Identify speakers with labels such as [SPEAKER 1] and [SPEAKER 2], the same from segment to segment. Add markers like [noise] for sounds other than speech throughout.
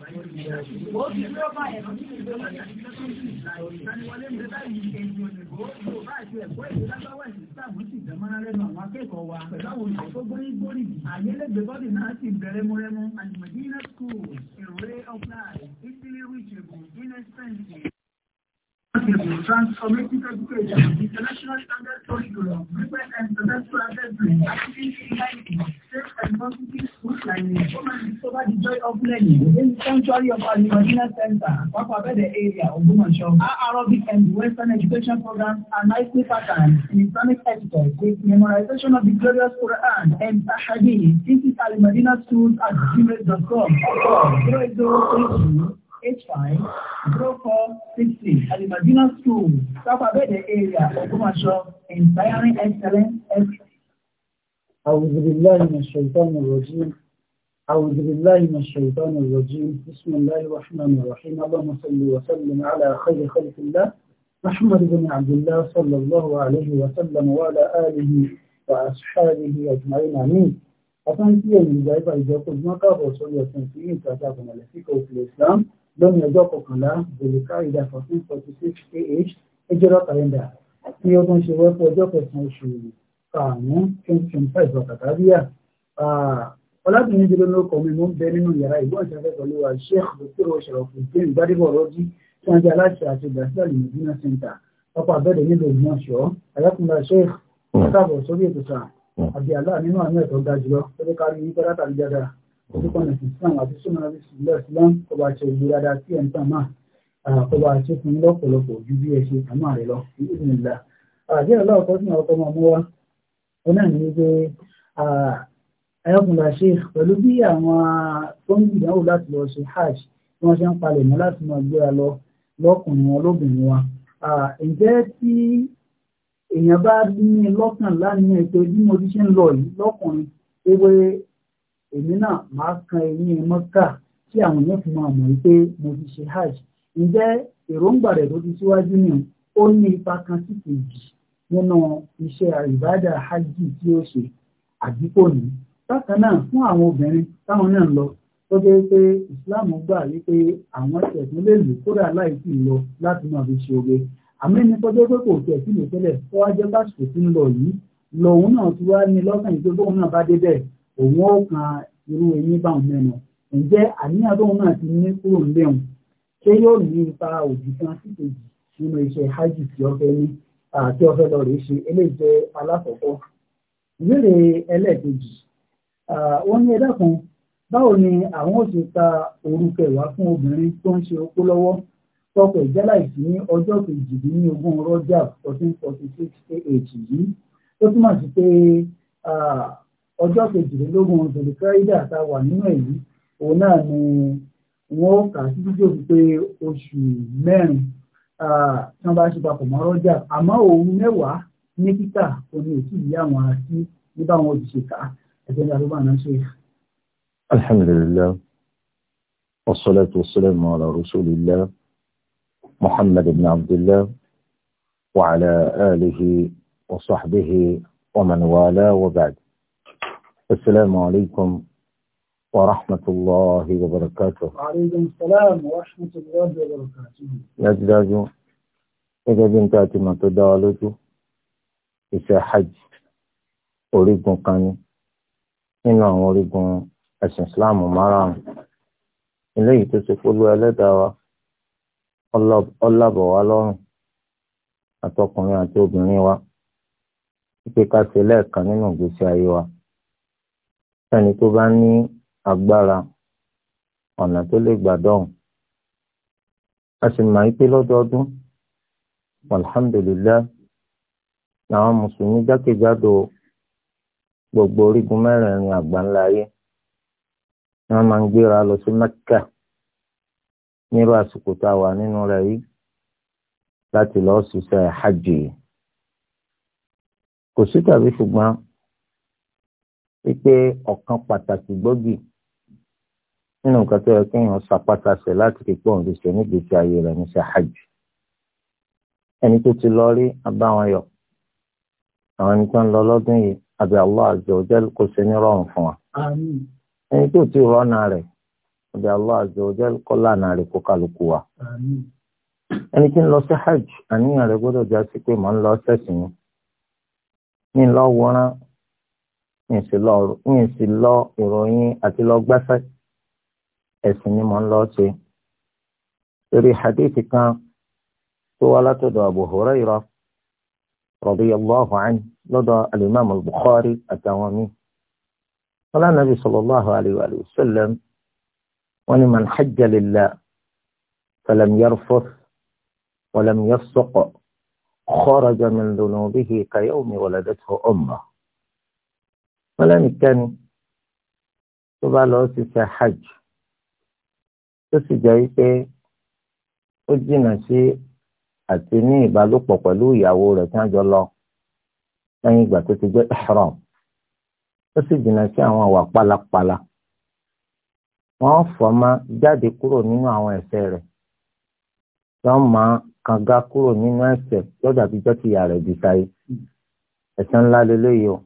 [SPEAKER 1] Àyẹ́lẹ́gbẹ̀
[SPEAKER 2] bọ́dì náà ti bẹ̀rẹ̀ múrẹ́mú. Àjùmọ̀dínà school, a ray of light, easily inexpensive transformative education, international standard curriculum, frequent and successful assessment, activity lighting, safe and positive school climate, come and discover the joy of learning the sanctuary of our Imagina Center, Papabede area, Our Arabic and Western education programs are nicely patterned Islamic etiquette with memorization of the glorious Quran and Ahadith. This is Al Madina Schools at gmail.com. H5, Block 460 at the Medina School, South Abede area, Ogumasho, inspiring excellence. أعوذ بالله من الشيطان الرجيم أعوذ بالله من الشيطان الرجيم بسم الله الرحمن الرحيم اللهم صل وسلم على خير خلق الله محمد بن عبد الله صلى الله عليه وسلم وعلى آله وأصحابه أجمعين آمين أتمنى أن يجب أن يكون هناك رسول الله صلى الله عليه وسلم lónìí ọjọ́ kọkànlá bèlùkà ìdá fourteen forty six ah ẹjọ́rọ̀ kàlẹ́ndà tí ó tún ṣe wẹ́pọ̀ ọjọ́ kẹsàn-án oṣù karùn-ún twenty twenty five ọ̀kàtàbíyà ọlábìnrin jẹ́ lónìí ọkọ̀ mi mò ń bẹ nínú yàrá ìgbọ́n ìṣẹ́fẹ́ pẹ̀lú wa sheikh dókítà ṣọ̀rọ̀fùdín gbadébọ̀ rọ́jí tí wọ́n jẹ́ aláṣẹ àti gbàsílẹ̀ lùmọ̀dúnà center ọkọ̀ abẹ́rẹ́ nílò Ògbómọ̀ṣọ́ alákùnrin sheikh káàbọ̀ sórí ètò orúkọ nàìjíríà islam àti súnmọ́ àti sílẹ̀ islam kó bá ṣe ìlú dáadáa sí ẹ̀ ń tàn máa kó bá ṣe fún lọ́pọ̀lọpọ̀ ju bí ẹ ṣe tàmá rẹ lọ sí ìlà àbí aláwọ̀ tó sìn ọkọ̀ máa mú wa ó náà ní pé ayọ́kùnlá ṣe pẹ̀lú bí àwọn tó ń gbìyànjú láti lọ ṣe hajj tí wọ́n ṣe ń palẹ̀ mọ́ láti máa gbéra lọ lọ́kùnrin wọn lóbìnrin wọn ǹjẹ́ tí èèyàn bá ní lọ́kàn lánìí pé bí mo ti ṣe ń lọ yìí lọ́kùnrin èmi náà máa kan eyín mọ́kà tí àwọn yóò fi máa mọ̀ wípé mo ti ṣe hajj ǹjẹ́ èròǹgbà rẹ̀ tó ti síwájú ni ó ní ipa kan sí kejì nínú iṣẹ́ àìbádà hajj tí ó ṣe àbí kò ní. bákan náà fún àwọn obìnrin táwọn náà ń lọ tó jẹ́ pé islam gbà wípé àwọn tẹ̀sán lè lò kódà láì sí lọ láti máa fi ṣe oge àmì ní tọ́jú pé kò tẹ̀ sí lè tẹ́lẹ̀ kó wá jẹ́ báṣìkò tí ń lọ yìí lòun náà ti wá ní lọ́kàn ìgbé bóun náà bá dé bẹ́ẹ̀ òun ó kan irú eyín báwọn mẹ́nu ǹjẹ́ àníyàn tóun náà ti ní kúrò nílé òun ṣé yóò ní ipa òdì kan sí kejì nínú iṣẹ́ hajj tí ó fẹ́ ní àti ó fẹ́ lọ rèé ṣe eléyìí jẹ́ alákọ̀ọ́kọ́ ìbéèrè ẹlẹ́ẹ̀kejì wọ́n ní ẹ̀dá kan báwo ni àwọn ò ṣe ta orúkọ ìwà fún obìnrin tó ń ṣe okó lọ́wọ́ tọkọ ìjálá ní ọjọ́ kejìdínlógún rọ́jà fourteen ah yìí tó túmọ̀ sí pé ọjọ́ kejìlélógún zolikaida tá a wà nínú èyí òun náà ni wọ́n kà sí títí òfin pé oṣù mẹ́rin tí wọ́n bá ṣe papọ̀ mọ́ rọ́jà àmọ́ òun mẹ́wàá ní títà òní òtí ìyá àwọn àti ní báwọn òṣìṣẹ́ kà ẹgbẹ́ ní arúgbó àná ṣe.
[SPEAKER 3] alhamdulilayi wasalaatu wasalaamu ala rasulillah muhammad ibn abdullah wa ala alihi wa sahbihi wa man السلام عليكم ورحمة الله وبركاته
[SPEAKER 2] وعليكم السلام ورحمة الله وبركاته
[SPEAKER 3] dájúdájú gẹ́gẹ́ bí nǹkan àti mọ̀ tó dá wa lójú iṣẹ́ hajj orígun kan ní nínú àwọn orígun ẹ̀sìn islam márùn-ún eléyìí tó ti polú ẹlẹ́dàá wa ọlábọ̀ wa lọ́rùn àtọkùnrin àti obìnrin wa wípé ká ṣe lẹ́ẹ̀kan nínú ìgbésí ayé wa sẹ́ni tó bá ní agbára ọ̀nà tó lè gbà dọ̀hùn a sì máa ń pé lọ́dọọdún alhamdulilayi làwọn mùsùlùmí jákèjádò gbogbo orígun mẹ́rẹ̀ẹ̀rin àgbáńlá ayé wọ́n máa ń gbéra lọ sí mẹ́kà nírú àsìkò tá a wà nínú rẹ̀ yìí láti lọ́ọ́ ṣiṣẹ́ hajj kò sí tàbí ṣùgbọ́n wípé ọ̀kan pàtàkì gbòógì nínú nǹkan tó yẹ kéèyàn sapata ṣe láti fi pọ̀ níbi ṣe nígbèsè ayé rẹ̀ ní ṣe hajj ẹni tó ti lọ rí abáwọn yọ àwọn ẹni tó ń lọ lọ́dún yìí àbí Allah azza wa jal kó ṣe ní rọrùn fún wa ẹni tó ti rọ́nà rẹ̀ àbí Allah azza wa jal kó lànà rẹ̀ kó kálukú wa ẹni tí ń lọ sí hajj àníyàn rẹ̀ gbọ́dọ̀ já sí pé mò ń lọ sẹ́sìn ní ń ń sì lọ ìròyìn àti lọ gbẹ́fẹ́ ẹ̀sìn ni mò ń lọ ṣe. lórí hadithi kan tó wá látọ̀dọ̀ Abu Hurairah radiyallahu anhu lọ́dọ̀ al-Imam al-Bukhari àtàwọn míì. قال النبي صلى الله عليه وآله وسلم ولمن حج لله فلم يرفث ولم يفسق خرج من ذنوبه كيوم ولدته أمه wọn lẹ́nìkẹ́ni tó bá lọ sí ṣe hajj tó sì jẹ́ wípé ó jìnnà sí àti ní ìbálòpọ̀ pẹ̀lú ìyàwó rẹ̀ tí wọ́n jọ lọ lẹ́yìn ìgbà tó ti jẹ́ ihram ó sì jìnnà sí àwọn àwà pálapàla wọ́n fọ́mọ jáde kúrò nínú àwọn ẹ̀ṣẹ̀ rẹ̀ wọ́n máa kànga kúrò nínú ẹ̀ṣẹ̀ lọ́dà bíjọ́ ti rẹ̀ bí sáyé ńlá lélẹ́yìí o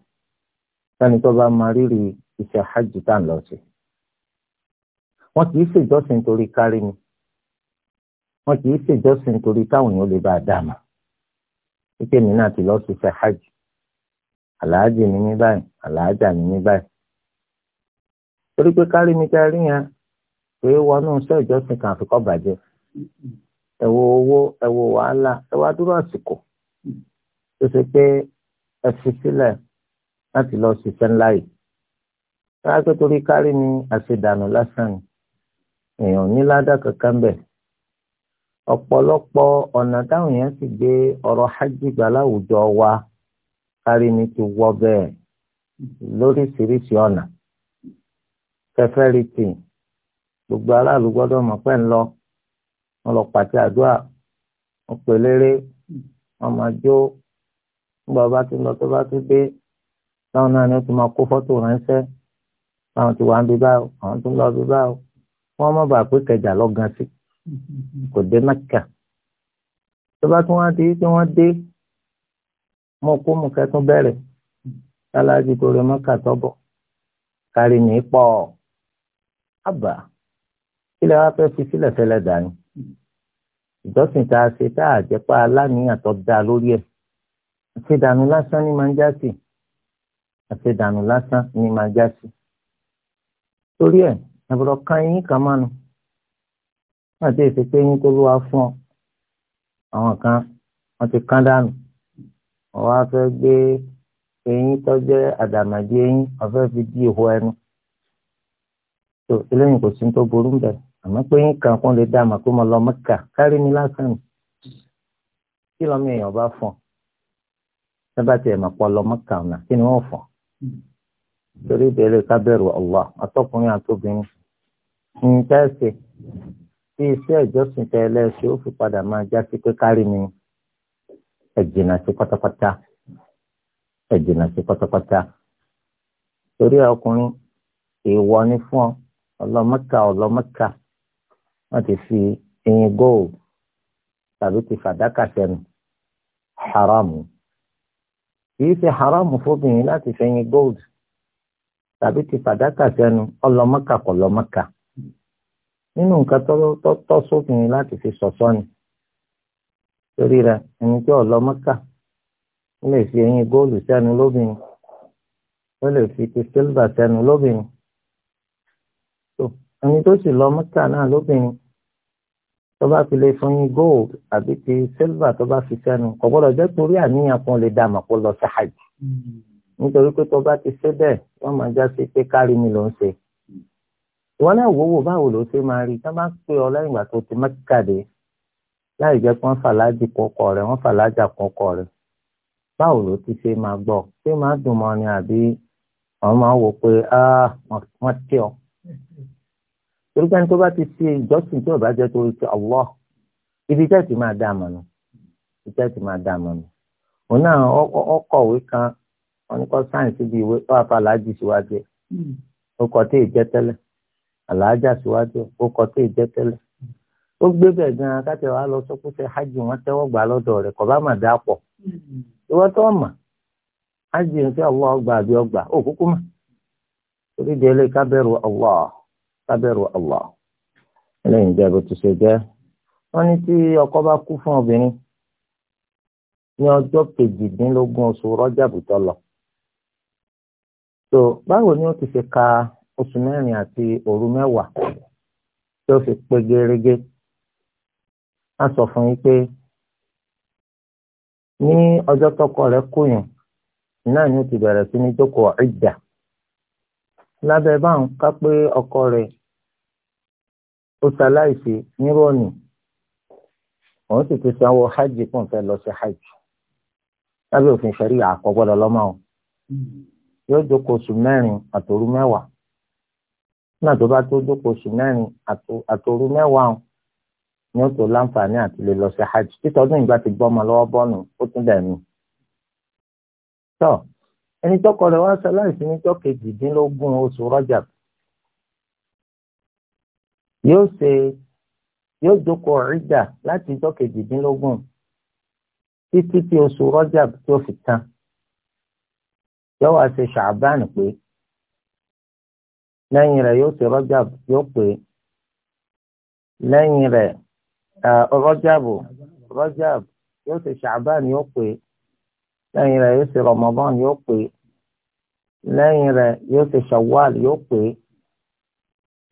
[SPEAKER 3] sani tó bá máa rírì iṣẹ́ hajj tá à ń lọ sí. wọ́n kì í ṣèjọ́sìn torí kárí ni wọ́n kì í ṣèjọ́sìn torí táwọn èèyàn lè bá a dà mà. ike mi náà ti lọ sí iṣẹ́ hajj àlàájì ni mí báyìí àlàájà ni mí báyìí. torí pé kárí mi ta rí yẹn pé wọnú iṣẹ́ ìjọsìn kan àfikọ́ bàjẹ́ ẹ wo owó ẹ wàhálà ẹ dúró àsìkò tó ṣe pé ẹ fi sílẹ̀ láti lọ ṣiṣẹ́ ńlá yìí rárá pé torí kárí ni àṣedànù lásán ni èèyàn ní ládàá kankan bẹ̀ ọ̀pọ̀lọpọ̀ ọ̀nà táwọn èèyàn sì gbé ọ̀rọ̀ hajj láwùjọ wa kárí ni ti wọ́ bẹ́ẹ̀ lóríṣiríṣi ọ̀nà kẹfẹ́rìtì gbogbo aráàlú gbọ́dọ̀ mọ̀ pẹ́ ń lọ wọn lọ pàtẹ àdúrà wọn pèlérè wọn máa jó nígbà bá tún lọ tó bá tún dé táwọn náà ni ó ti máa kó fọ́tò ránṣẹ́ táwọn ti wà ń bí báyìí àwọn tó ń lọ bí báyìí wọ́n mọ̀ bá pé kẹjà lọ́gàn sí kò dé mẹ́kà tó bá tún wá di pé wọ́n dé mọ kó mu kẹtún bẹ̀rẹ̀ sáláàjì tó rẹ mẹ́kà tọ́bọ̀ kárí ní pọ̀ àbá kílẹ̀ wá fẹ́ fi sílẹ̀ fẹ́lẹ̀ dání ìjọsìn tá a ṣe tá a jẹ́ aláníyàn tó dáa lórí ẹ̀ ṣe dànù lásán ní máa ń já sí i àti ìdànù lásán ni màá já sí. torí ẹ̀ àbúrò kan yín kan mánu àti ìfipé yín tó lúwa fún ọ àwọn kan wọ́n ti kán dànù wọ́n wá fẹ́ gbé eyín tó jẹ́ àdàmàdì eyín wọ́n fẹ́ fi dí ìhó ẹnu tó eléyìí kò sí tó burú ń bẹ̀ àmọ́ pé yín kan kún lè dá àmọ́ pé mo lọ mẹ́kà kárí mi lásán nù kí lọ́mọ èèyàn bá fọ̀ ẹ bá tiẹ̀ mọ̀ pọ̀ lọ mẹ́kà ọ̀nà kí ni wọ́n fọ̀ torí ìbéèrè kábẹ́rù Allah àtọkùnrin àtobìnrin ń tẹ́sí tí iṣẹ́ ìjọsìn tẹ ẹlẹ́ṣẹ̀ ó fi padà máa já sí pé kárí mi ẹ̀jìnà sí pátápátá ẹ̀jìnà sí pátápátá torí ọkùnrin èèwọ̀ ni fún ọ ọlọ́mọ́kà ọlọ́mọ́kà wọ́n ti fi eyín góòlù tàbí ti fàdákà sẹ́nu haramu kìí ṣe haramu fóbìnrin láti fẹ̀yìn gold tàbí ti fàdákà sẹ́nu ọlọ́mọ́kà kọ̀lọ́mọ́kà nínú nǹkan tọ́tọ́ sóbìnrin láti fi ṣọ̀ṣọ́ ni torí rẹ̀ ẹni tí ọlọ́mọ́kà ó lè fi ẹyin góòlù sẹ́nu lóbìnrin ó lè fi ti sílvà sẹ́nu lóbìnrin ẹni tó sì lọ mọ́kà náà lóbìnrin tó bá fi lè fún yín gold àbí ti silver tó bá fi sẹ́nu kò gbọ́dọ̀ jẹ́ torí àníyàn kan lè dààmú kó lọ sí hajj nítorí pé tó bá ti ṣe bẹ́ẹ̀ wọ́n máa já sí pé kárí mi ló ń ṣe ìwọ náà wòwò báwo ló ṣe máa rí tí wọ́n bá pè ọ lẹ́yìn ìgbà tó ti mẹ́kàdé láì jẹ́ pé wọ́n fàlájì kọkọ rẹ̀ wọ́n fàlájà kọkọ rẹ̀ báwo ló ti ṣe máa gbọ́ ṣé máa dùn mọ́ ni àbí àwọn máa wò pé ah, wọ́n tẹ́ ọ torípé ní tó bá ti ṣe ìjọsìn tí ò torí ti ibi tẹ́ ti máa dá àmọ́ nù ibi tẹ́ ti máa dá àmọ́ nù òun náà ọkọ̀wé kan wọn kọ́ sáyẹ̀nsì bíi ìwé tó àfa aláàjì síwájú ẹ̀ hmm. ó kọ́ tí ì tẹ́lẹ̀ síwájú ẹ̀ ó kọ́ hajj wọn tẹ́wọ́ gbà lọ́dọ̀ rẹ̀ kọ́ bá hmm. hajj àbí ọgbà òkúkú mà torí kábẹ̀rù Allah lẹ́yìn jẹ́ bó ti ṣe jẹ́ wọ́n ní tí ọkọ bá kú fún obìnrin ní ọjọ́ kejìdínlógún oṣù rọ́jàbù tó lọ. tó báwo ni ó ti ṣe ka oṣù mẹ́rin àti òru mẹ́wàá tí ó fi pé gerege a sọ fún yín pé ní ọjọ́ tọkọ rẹ̀ kóyún náà ni ó ti bẹ̀rẹ̀ sí ní jókòó ìjà. lábẹ́ báwọn ká pé ọkọ rẹ̀ ó ṣaláìsí nírọ̀nì òun sì ti sanwó hajj kó n fẹ́ lọ sí hajj lábẹ́ òfin ṣẹ̀rí àkọ́gbọ́dọ̀ lọ́mọ o yóò jókòó oṣù mẹ́rin àtòru mẹ́wàá nígbà tó bá tó jókòó oṣù mẹ́rin àtòru mẹ́wàá o ni ó tó láǹfààní àti lè lọ sí hajj títọ́dún ìgbà tí gbọ́mọ lọ́wọ́ bọ́ọ̀nù ó tún dẹ̀ mí ẹni tọkọ rẹ̀ wá ṣaláìsí níjọ́ kejìdínlógún oṣù Rajab yóò ṣe yóò jókòó ìdà láti ìjọ́ kejìdínlógún títí tí oṣù Rajab tí ó fi tán yóò wá ṣe Ṣàbán pé lẹ́yìn rẹ̀ yóò ṣe Rajab yóò pé lẹ́yìn rẹ̀ Rajab Rajab yóò ṣe Ṣàbán yóò pé lẹ́yìn rẹ̀ yóò ṣe Ramadan yóò pé lẹ́yìn rẹ̀ yóò ṣe Shawwal yóò pé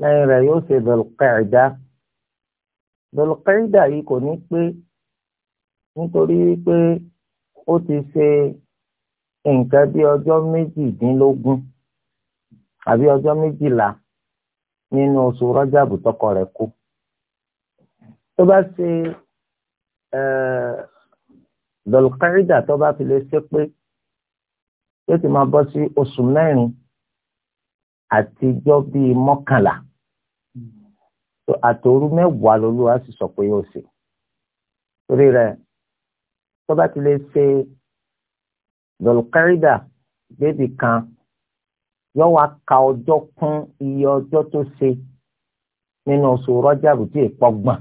[SPEAKER 3] lẹ́yìn rẹ̀ yóò ṣe Dhul-Qa'dah Dhul-Qa'dah yìí kò ní pé nítorí pé ó ti ṣe nǹkan bí ọjọ́ méjìdínlógún àbí ọjọ́ méjìlá nínú oṣù Rọ́jàbù tọkọ rẹ̀ kú tó bá ṣe
[SPEAKER 4] ẹ̀ẹ́
[SPEAKER 3] dọ̀lùkárìdà tó bá fi lè ṣe pé yóò ti máa bọ́ sí oṣù mẹ́rin àtijọ́ bíi mọ́kànlá àtòru mẹ́wàá lolúwa sì sọ pé yóò ṣe torí rẹ̀ tó bá ti lè ṣe dọ̀lùkárìdà bébì kan yóò wá ka ọjọ́ kún iye ọjọ́ tó ṣe nínú oṣù rọ́jàbù tí èèpọ̀ gbọ̀n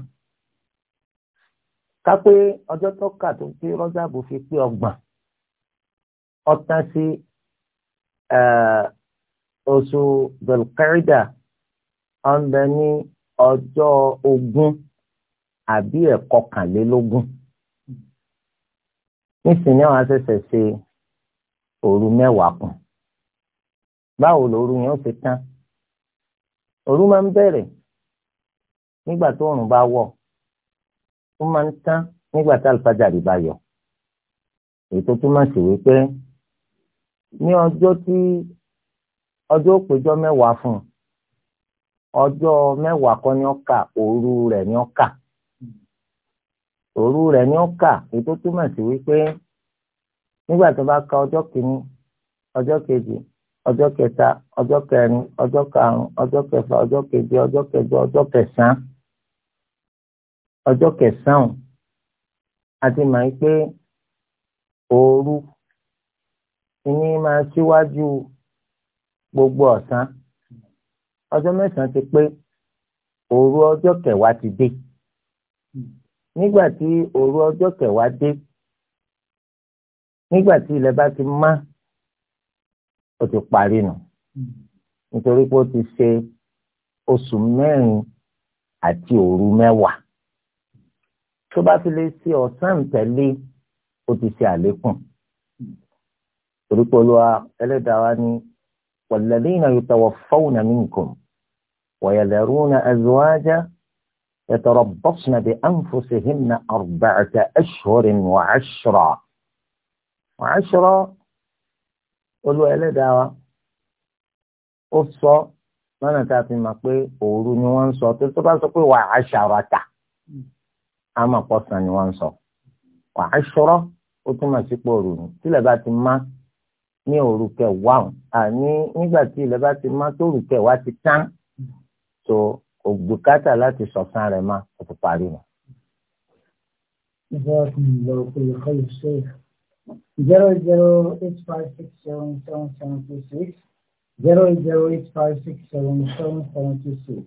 [SPEAKER 3] ká pé ọjọ́ tó kà tó pé rọ́jàbù fi pé ọgbọ̀n ọtán sí oṣù belkaida ọ̀nbẹ ní ọjọ́ ogún àbí ẹ̀kọkànlélógún nísìnyí àwọn asẹ̀sẹ̀ ṣe òru mẹ́wàá kùn báwo lòru yẹn ó ṣe tán òru máa ń bẹ̀rẹ̀ nígbà tó òrùn bá wọ̀ ó máa ń tán nígbà tá àlùfájàrí bá yọ ètò túmọ̀ sí wípé ní ọjọ́ tí ọjọ́ òpéjọ mẹ́wàá fún un ọjọ́ mẹ́wàá kọ́ ni ó kà òru rẹ̀ ni ó kà òru rẹ̀ ni ó kà ètò túmọ̀ sí wípé nígbà tó bá ka ọjọ́ kìíní ọjọ́ kejì ọjọ́ kẹta ọjọ́ kẹrin ọjọ́ karùn-ún ọjọ́ kẹfà ọjọ́ keje ọjọ́ kẹjọ ọjọ́ kẹsàn-án ọjọ́ kẹsàn-án àti màá pé òru ìní máa ṣíwájú gbogbo ọ̀sán ọjọ́ mẹ́sàn-án ti pé òru ọjọ́ kẹwàá ti dé nígbà tí òru ọjọ́ kẹwàá dé nígbà tí ilẹ̀ bá ti má ó ti parí nù nítorí pé ó ti ṣe oṣù mẹ́rin àti òru mẹ́wàá tó bá fi lè ṣe ọ̀sán tẹ̀lé ó ti ṣe àlékún torí pé olúwa ẹlẹ́dàá wa ní walladhina yutawaffawna minkum wa yadharuna azwaja yatarabbasna bi anfusihinna arba'ata ashhurin wa 'ashra wa 'ashra olúwa ẹlẹ́dàá wa ó sọ lọ́nà tá a fi mọ̀ pé òru ni wọ́n ń sọ tó tó bá sọ pé wà Ama pọ̀sán ni wọ́n ń sọ wà á ṣọ́rọ́ ó túmọ̀ sí pòrò ní tílẹ̀ bá ti má ní òru kẹwàá àní nígbà tí ilẹ̀ bá ti má tóru kẹwàá ti tán so ògbókátà láti sọ̀sán rẹ̀ má kò tó parí nù.
[SPEAKER 2] zero zero eight five six seven seven seven two six zero zero eight five six seven seven seven two six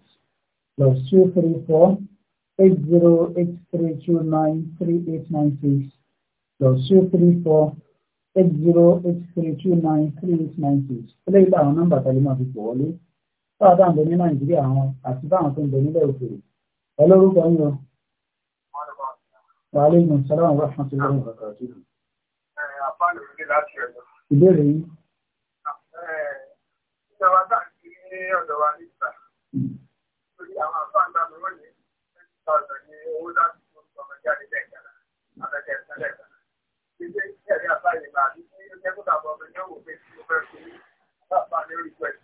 [SPEAKER 2] plus two three four. 8083293896 plus 234 8083293896 eléyìí láwọn nọ́mbà tàbí máa fi pọ̀ wọlé báwa táwọn ń bẹ ní nàìjíríà àwọn àti báwọn tó ń bẹ nílẹ̀ òkèèrè ẹ lórúkọ yín o. wàhálà ìgbìmọ̀ sálàmù rahmatulahi wa barakatuhu. ìbéèrè yín. ìjọba dáàbò ní ọ̀dọ̀ wa níta hmm.
[SPEAKER 4] lórí àwọn àfáàndà lọ́wọ́ yẹn ọ̀sán ní owó láti tó ọmọ jáde lẹ́ẹ̀kan àtẹ̀tẹ̀ lẹ́ẹ̀kan. Ilé iṣẹ́ ẹ̀rí àbáyé máa ní kí ó jẹ́ kó dàbọ̀ ọmọ ní òwò pé kí ó fẹ́ fi bàbá ní orí pẹ̀lú.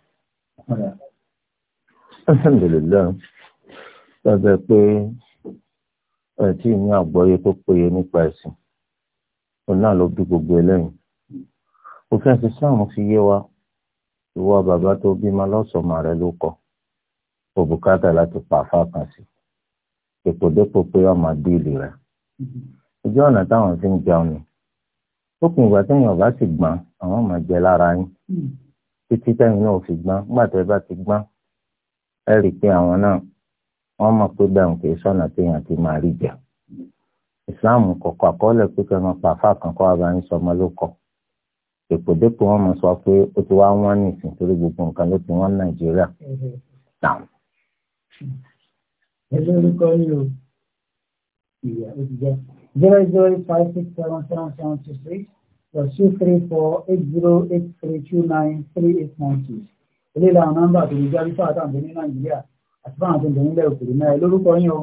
[SPEAKER 3] Alhamdulillah, lọ́jọ́ pé ẹ tí ní àgbọ́yé tó péye nípa ẹ̀sìn, òun náà ló bí gbogbo eléyìí. Òfin ẹ̀sìn Islam fi yé wa, ìwọ bàbá tó bímọ lọ́sọ̀ọ́mà rẹ ló kọ, òbùkátà láti pàfà kan sí i dèpòdépò pé ọmọ díìlì rẹ̀ ojú ọ̀nà táwọn fi ń jẹun ni lópin ìgbà téèyàn bá sì gbọ́n àwọn ọmọ jẹ lára yín títí tẹ́yìn náà fi gbọ́n nígbà tẹ́ bá ti gbọ́n ẹ rí i pé àwọn náà wọ́n mọ̀ pé bẹ́ẹ̀ kì í sọ̀nà téèyàn ti máa rí jẹ ìsìláàmù kọ̀kọ́ àkọọ́lẹ̀ pé kẹ́ máa pàfà kan kọ́ abáyé sọmọ ló kọ̀ dèpòdépò wọn mọ̀ sọ pé ó ti wá wọ́n ní ìsìn torí gbogbo nǹkan ló ti wọ́n Nàìjíríà
[SPEAKER 2] Hello, lórúkọ yìí o ìyá ó ti jẹ́ zero zero five six seven seven seven two six plus two three four eight zero eight three two nine three eight nine two eléyìí làwọn nọ́mbà tó lè jẹ́ àbífà àtàǹdé ní nàìjíríà àti fáwọn tó ń bẹ nílẹ̀ òkèèrè náà ẹ lórúkọ yìí o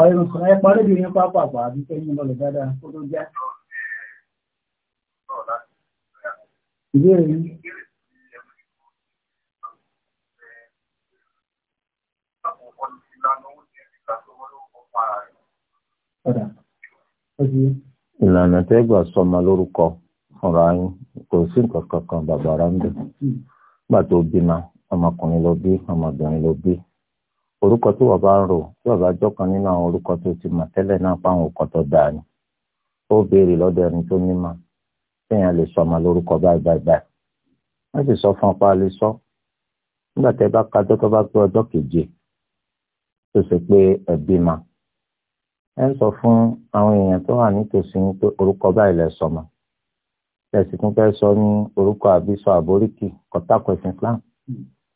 [SPEAKER 2] ọ̀rẹ́rùn sọ ẹ parí bí yín pápá àbí kẹ́yìn lọ́lẹ̀ dáadáa kó tó jẹ́ ìbéèrè yín.
[SPEAKER 3] ìlànà tẹ́gbà sọmọ lórúkọ fúnra yín kò sí nǹkan kankan bàbàrà ń bẹ
[SPEAKER 2] nígbà
[SPEAKER 3] tó ọmọkùnrin ló bí ọmọbìnrin ló bí orúkọ tí wọ́n bá ń rò tí wọ́n bá jọ́kan nínú àwọn orúkọ tó ti mọ̀ tẹ́lẹ̀ náà fáwọn tó dáa ni ó béèrè ẹni tó ní lè sọ ọmọ lórúkọ báyìí báyìí báyìí sì sọ fún ọpá keje tó ṣe pé ẹ ń sọ fún àwọn èèyàn tó wà nítòsí pé orúkọ báyìí lẹ sọmọ tẹsí tún sọ ní orúkọ àbísọ àbóríkì kọtàkùn Islam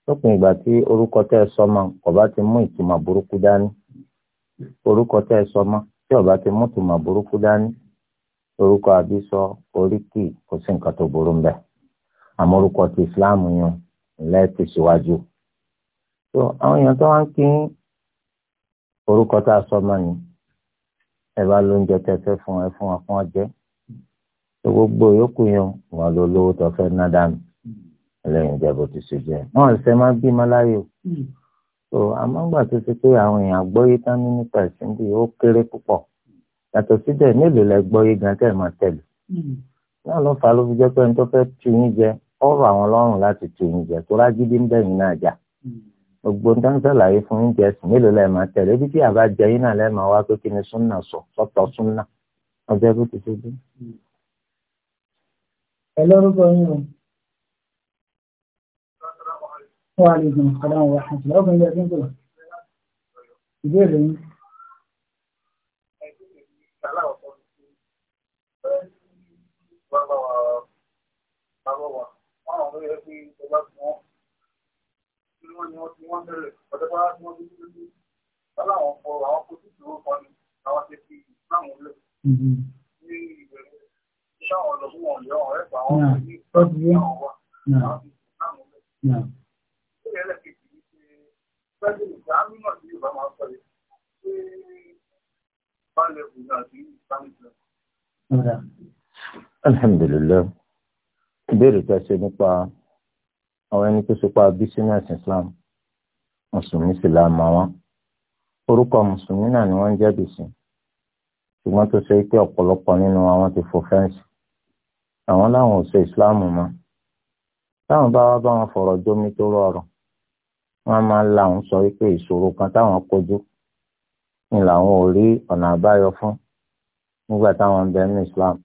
[SPEAKER 3] lópin ìgbà tí orúkọ tẹ sọmọ kò bá ti mú burúkú dání orúkọ tẹ sọmọ tí ó bá ti mú ìtumọ̀ burúkú dání orúkọ àbísọ oríkì kò sí nǹkan ti síwájú. àwọn èèyàn tó wá ń kí orúkọ tá a ni ẹ bá lóúnjẹ tẹ fẹ́ fún ẹ fún ọpọ́n jẹ gbogbo yòókù yẹn wọn lọ lówó tó fẹ́ ná dànù ẹlẹ́yìn ìjẹ́bù ti ṣe jẹ́ wọn ṣe máa bí maláyò so àmọ́gbà tó ṣe pé àwọn èèyàn gbọ́yé dání nípa ẹ̀sìn bíi ó kéré púpọ̀ yàtọ̀ síbẹ̀ mélòó lẹ gbọ́yé gan tẹ̀ máa tẹ̀lé náà ló fà á ló fi jẹ́ pé ẹni tó fẹ́ tu yín jẹ ọ̀rọ̀ àwọn lọ́rùn láti tu yín jẹ tó rágídí ń bẹ̀yìn náà jà gbogbo ń tán sàlàyé fún oúnjẹ ẹsìn mélòó lẹ́ẹ̀ máa tẹ̀lé ibi tí àbá jẹ yín náà lẹ́ẹ̀ máa wá pé kí ni súnà sọ sọ́tọ̀ súnà ọjọ́ bó ti ṣe dé.
[SPEAKER 2] ẹ lórúkọ yín o. wà á lè gbọ̀n kọ́lá wọn wá àti lọ́kùnrin bẹ́ẹ̀ fún kọ́lá. ìbéèrè yín.
[SPEAKER 4] Thank you wọ́n ni wọ́n ti wọ́n bẹ̀rẹ̀ ọ̀dọ́ bá wọ́n ti wọ́n ní láwọn ọkọ̀ àwọn kò sí ìṣòro kan ni àwọn ti fi láwọn lẹ̀. Mm-hmm. ní ìbẹ̀rẹ̀ iṣẹ́ àwọn ọ̀dọ́ fún wọn yọ ọ̀rẹ́ pa àwọn ọ̀rẹ́ ní ìṣòro wa àwọn ti fi láwọn lẹ̀.
[SPEAKER 3] alhamdulillah ìbéèrè tá nípa àwọn ẹni tó sopa bísínẹ́sì islam mùsùlùmí sì la mọ̀ wọ́n orúkọ mùsùlùmí náà ni wọ́n ń jẹ́bi sí ṣùgbọ́n tó ṣe pé ọ̀pọ̀lọpọ̀ nínú àwọn ti fò fẹ́ǹsì àwọn láwọn ò ṣe islam mọ́ táwọn bá wá bá wọn fọ̀rọ̀ jómi tó rọrùn wọ́n máa ń làwọn sọ wípé ìṣòro kan táwọn kojú ni làwọn ò rí ọ̀nà àbáyọ fún nígbà táwọn ń bẹ ní islam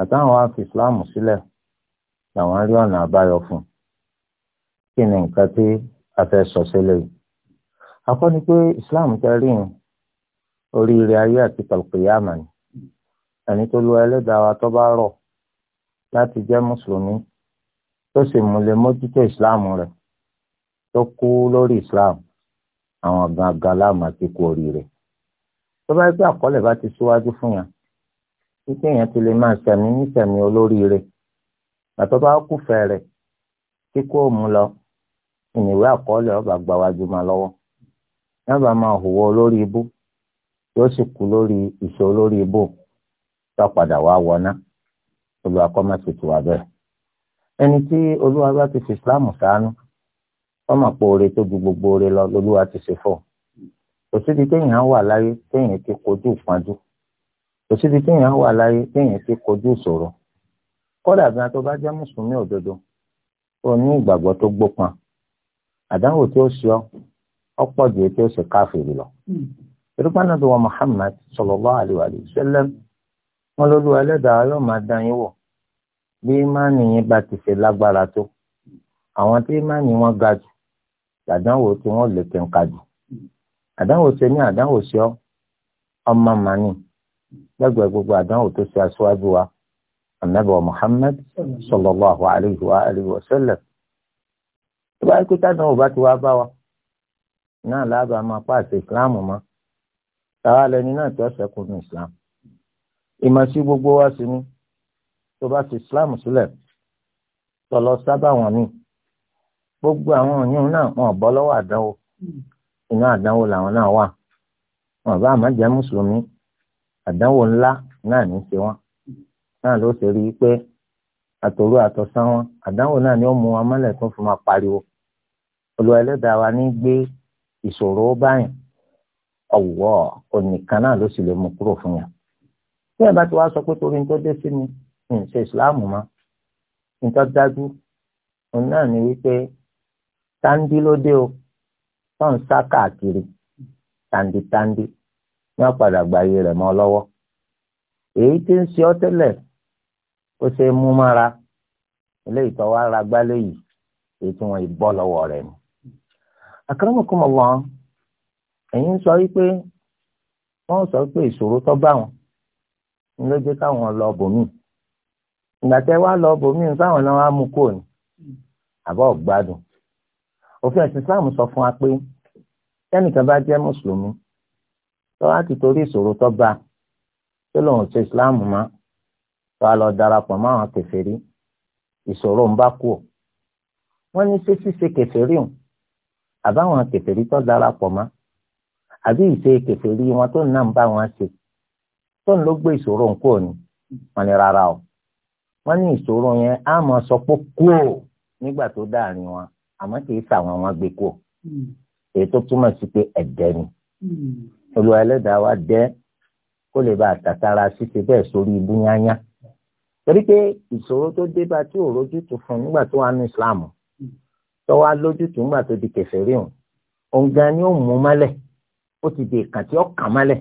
[SPEAKER 3] àtàwọn wá fi islam sílẹ̀ làwọn rí ọ̀nà àbáyọ fún kí ni nǹkan tí a fẹ́ sọ sílẹ̀ yìí. akọ́ni pé islam tẹ́rí ń oríire ayé àti kàlùkìyàmà ni ẹni tó lu ẹlẹ́dàá wa tó bá rọ̀ láti jẹ́ mùsùlùmí tó sì múlẹ̀ mójútó islam rẹ̀ tó kú lórí islam àwọn gangan láàmú àti kú oríire tó bá yẹ pé àkọọ́lẹ̀ bá ti síwájú fún yàn wípé èèyàn ti lè máa sẹ̀mí ní sẹ̀mí olóríire àtọ́ bá rẹ̀ kíkó òun lọ ìníwé àkọọ́lẹ̀ ọba gbàwájú máa lọ́wọ́ yọba máa hùwọ́ lórí ibú yóò sì kú lórí ìṣó lórí ibú tó padà wá wọná olùwà kọ́ má ti tùwà bẹ́ẹ̀. ẹni tí olúwa bá ti fi islam ṣàánú ọmọ pò oore tó ju gbogbo oore lọ lolúwa ti ṣe fọ kò síbi téèyàn wà láyé téèyàn ti kojú ìpọ́njú kò síbi téèyàn wà láyé téèyàn ti kojú ìṣòro kódà gan tó bá jẹ́ mùsùlùmí òdodo ó ní ìgbàgbọ́ tó gbópọn àdánwò tí ó ṣe ọ ọ̀pọ̀ ju tí ó ṣe káfíìrì lọ. irúgbà náà bí wọn Muhammad sallallahu alaihi wasallam wọn lólu ẹlẹ́dàá yóò máa dán yín wò bí ìmánì yín bá ti ṣe lágbára tó àwọn tí ìmánì wọn ga jù àdánwò tí wọn lè kẹǹkà jù àdánwò ṣe ní àdánwò ṣe ọ ọmọ màní lẹ́gbẹ̀ẹ́ gbogbo àdánwò tó ṣe aṣáájú wa anabi wa Muhammad sallallahu alaihi wa bá yẹ kó tánà ò bá ti bá wa náà lábà máa pa àti islam mọ́ tàwa lẹni náà tó ṣẹ́kù ní islam ìmọ̀sí gbogbo wa sí ni tó bá ti islam sílẹ̀ tọ̀lọ̀ sábà wọn ni gbogbo àwọn òyìn náà wọn bọ́ lọ́wọ́ àdánwò inú àdánwò làwọn náà wà wọn bá àmọ́ jẹ́ mùsùlùmí àdánwò ńlá náà ní í ṣe wọn náà ló ṣe rí i pé àtòrú àtọ̀sán wọn àdánwò náà ni ó mú wọn mọ́lẹ̀ tó fi máa pariwo olùwà ẹlẹ́dàá wa ní gbé ìṣòro báyìí ọ̀wọ́ onìkan náà ló sì lè mú kúrò fún yàn. bí ẹ bá ti wá sọ pé torí nítorí dé sí mi mi ń ṣe ìsìláàmù mọ́ nítorí dájú òun náà ni wípé tándí ló dé o tó ń sá káàkiri tándítándí ní ọ̀padà gbàyè rẹ̀ mọ́ lọ́wọ́ èyí tí ń ṣe ọ́ tẹ́lẹ̀ ó ṣe mú mára eléyìí tó ra gbálẹ́ yìí èyí tí wọ́n ì bọ́ lọ́wọ́ rẹ̀ ni àkàràmọ̀kọ́mọ̀ wọ́n ẹ̀yin sọ wípé wọ́n sọ pé ìṣòro tó bá wọn ni ló jẹ́ káwọn lọ bòmíì ìgbà tẹ́ wá lọ bòmíì sáwọn náà wá mú kúrò ní àbọ̀ ọ̀gbádùn òfin ẹ̀sìn Islam sọ fún wa pé tẹ́nìkan bá jẹ́ mùsùlùmí tó wá ti torí ìṣòro tó bá tó lòun ṣe Islam mọ́ tó a lọ darapọ̀ mọ́ àwọn kèfèrí ìṣòro ń bá kú ọ̀ wọ́n ní ṣé ṣíṣe kèfèrí òun àbáwọn kèfèrí tó darapọ̀ mọ́ àbí ìṣe kèfèrí wọn tó nà ń bá wọn ṣe tó ń lọ gbé ìṣòro nǹkó ni wọn ni rárá o wọn ní ìṣòro yẹn á mọ sọ pé nígbà tó dáàrin wọn àmọ́ kì í sàwọn wọn gbé èyí tó túmọ̀ sí pé ẹ̀dẹ́ ni olùwà wa dẹ́ kó àtàtàrà ṣíṣe bẹ́ẹ̀ sórí ibú ní ìsìláàmù tọ́wọ́ alójútùú ńgbà tó di kèfèrí òun òun gan ni ó mú mọ́lẹ̀ ó ti di ìkàn tí ó kà mọ́lẹ̀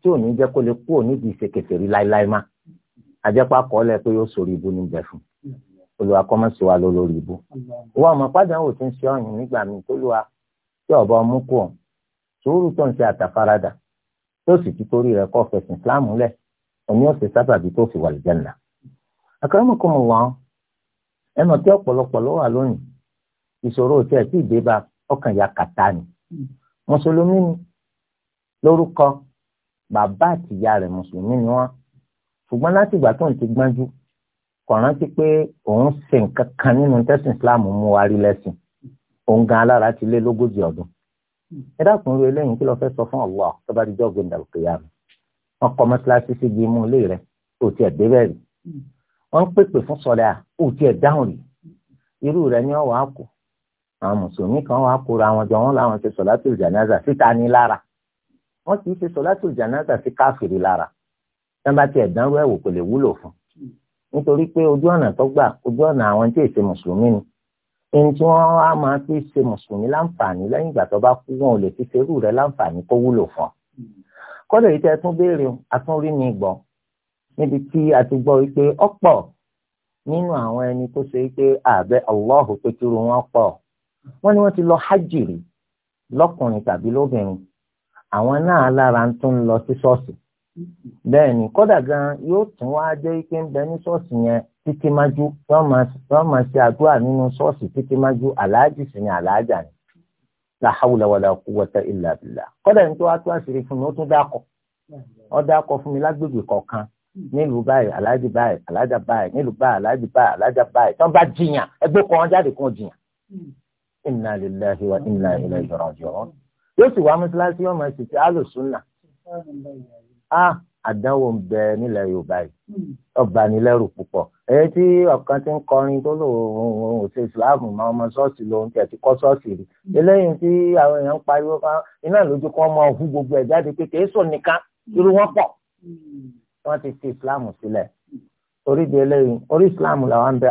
[SPEAKER 3] tí ò ní jẹ́ kó lè kú òní di ìṣe kèfèrí láéláé má àjẹpá kọ́ lẹ pé yóò sọ̀rọ̀ ìbú níbẹ̀ fún olùwà kọ́mọ́sí wa ló lórí ìbú wọn àmọ́ pàdánwò tí ń ṣe ọ̀yìn nígbà míì tó lùwà tí ọ̀bọ ọmú kù ọ̀hún sùúrù tó ń ṣe àtàfaradà tó sì ti torí rẹ̀ kọ́ fẹ̀sìn Ìsìláàmù lẹ̀ òní ọ̀sẹ̀ sábàbí tó fi wà lìjẹ́nà àkàràmọ̀kọ́mọ̀ wọn ẹ mọ̀ tí ọ̀pọ̀lọpọ̀ ló wà lónìí ìṣòro tí ẹ ti dé bá ọkàn ya kàtá ni mùsùlùmí ni lórúkọ bàbá àtìyá rẹ̀ mùsùlùmí ni wọ́n ṣùgbọ́n láti ìgbà tó ń ti gbọ́njú kò rántí pé òun ṣe nǹkan kan nínú tẹ́sán islam mú wa rí lẹ́sìn òun gan alára ti lé lógójì ọdún ẹ dákun eléyìí kí ló fẹ́ sọ fún Allah tó bá dijọ́ gbẹ̀ndà òkè yá mi wọ́n kọ́ mọ́tíláṣí sí ibi imú ilé rẹ̀ kò tiẹ̀ débẹ̀ rí wọ́n ń pèpè fún sọ̀rẹ́ à kò tiẹ̀ dáhùn rí irú rẹ̀ ni ọ̀wọ́ á àwọn mùsùlùmí kan wá kóra àwọn jọ wọn làwọn ṣe sọ̀látù jànáza síta ní lára wọ́n ti ṣe sọ̀látù jànáza sí káfìrí lára tábà tí ẹ̀dánwó ẹ̀wò kò lè wúlò fún nítorí pé ojú ọ̀nà tó gbà ojú ọ̀nà àwọn tí èsè mùsùlùmí ni ẹni tí wọ́n á máa fi ṣe mùsùlùmí láǹfààní lẹ́yìn ìgbà tó bá kú wọn ò lè fi ṣerú rẹ̀ láǹfààní kó wúlò fún ọ yìí tẹ́ tún béèrè àtúnrí mi gbọ́ níbi tí a ti gbọ́ wípé ọ̀pọ̀ nínú àwọn ẹni tó ṣe wípé ààbẹ̀ Allahu pé kí irun wọn pọ̀ wọ́n ní wọ́n ti lọ hajj rí lọ́kùnrin tàbí lóbìnrin àwọn náà lára ń tún lọ sí ṣọ́ọ̀ṣì bẹ́ẹ̀ ni kódà gan yóò tún wá jẹ́ pé ń bẹ ní ṣọ́ọ̀ṣì yẹn títí májú wọ́n máa ṣe àdúrà nínú ṣọ́ọ̀ṣì títí májú aláàjì sí ni aláàjà ni la hawla wala quwwata illa billah kódà ní tó wá tó àṣírí fún mi ó tún dákọ̀ ó dákọ̀ fún mi lágbègbè kọ̀ọ̀kan nílùú báyìí aláàjì báyìí aláàjà báyìí nílùú báyìí aláàjì báyìí aláàjà báyìí tí wọ́n bá jiyàn ẹgbẹ́ kan jáde kan jiyàn inna lillahi wa inna ilayhi raji'un yóò sì wá mọ́sálásí ọmọ ẹ̀sìn tí alùsùnà a àdánwò ń bẹ nílẹ̀ yorùbá yìí ọba nílẹ̀rù púpọ̀ èyí tí ọ̀kan ti ń kọrin tó lò òun ò ṣe ìsìláàmù mọ́ ọmọ ṣọ́ọ̀ṣì lòun tẹ̀ ti kọ́ ṣọ́ọ̀ṣì rí eléyìí tí àwọn èèyàn ń pariwo kan iná lójú kan ọmọ ọ̀hún gbogbo ẹ̀ jáde pé kìí sùn nìkan irú wọn pọ̀ wọ́n ti fi ìsìláàmù sílẹ̀ orí di eléyìí orí ìsìláàmù làwọn ń bẹ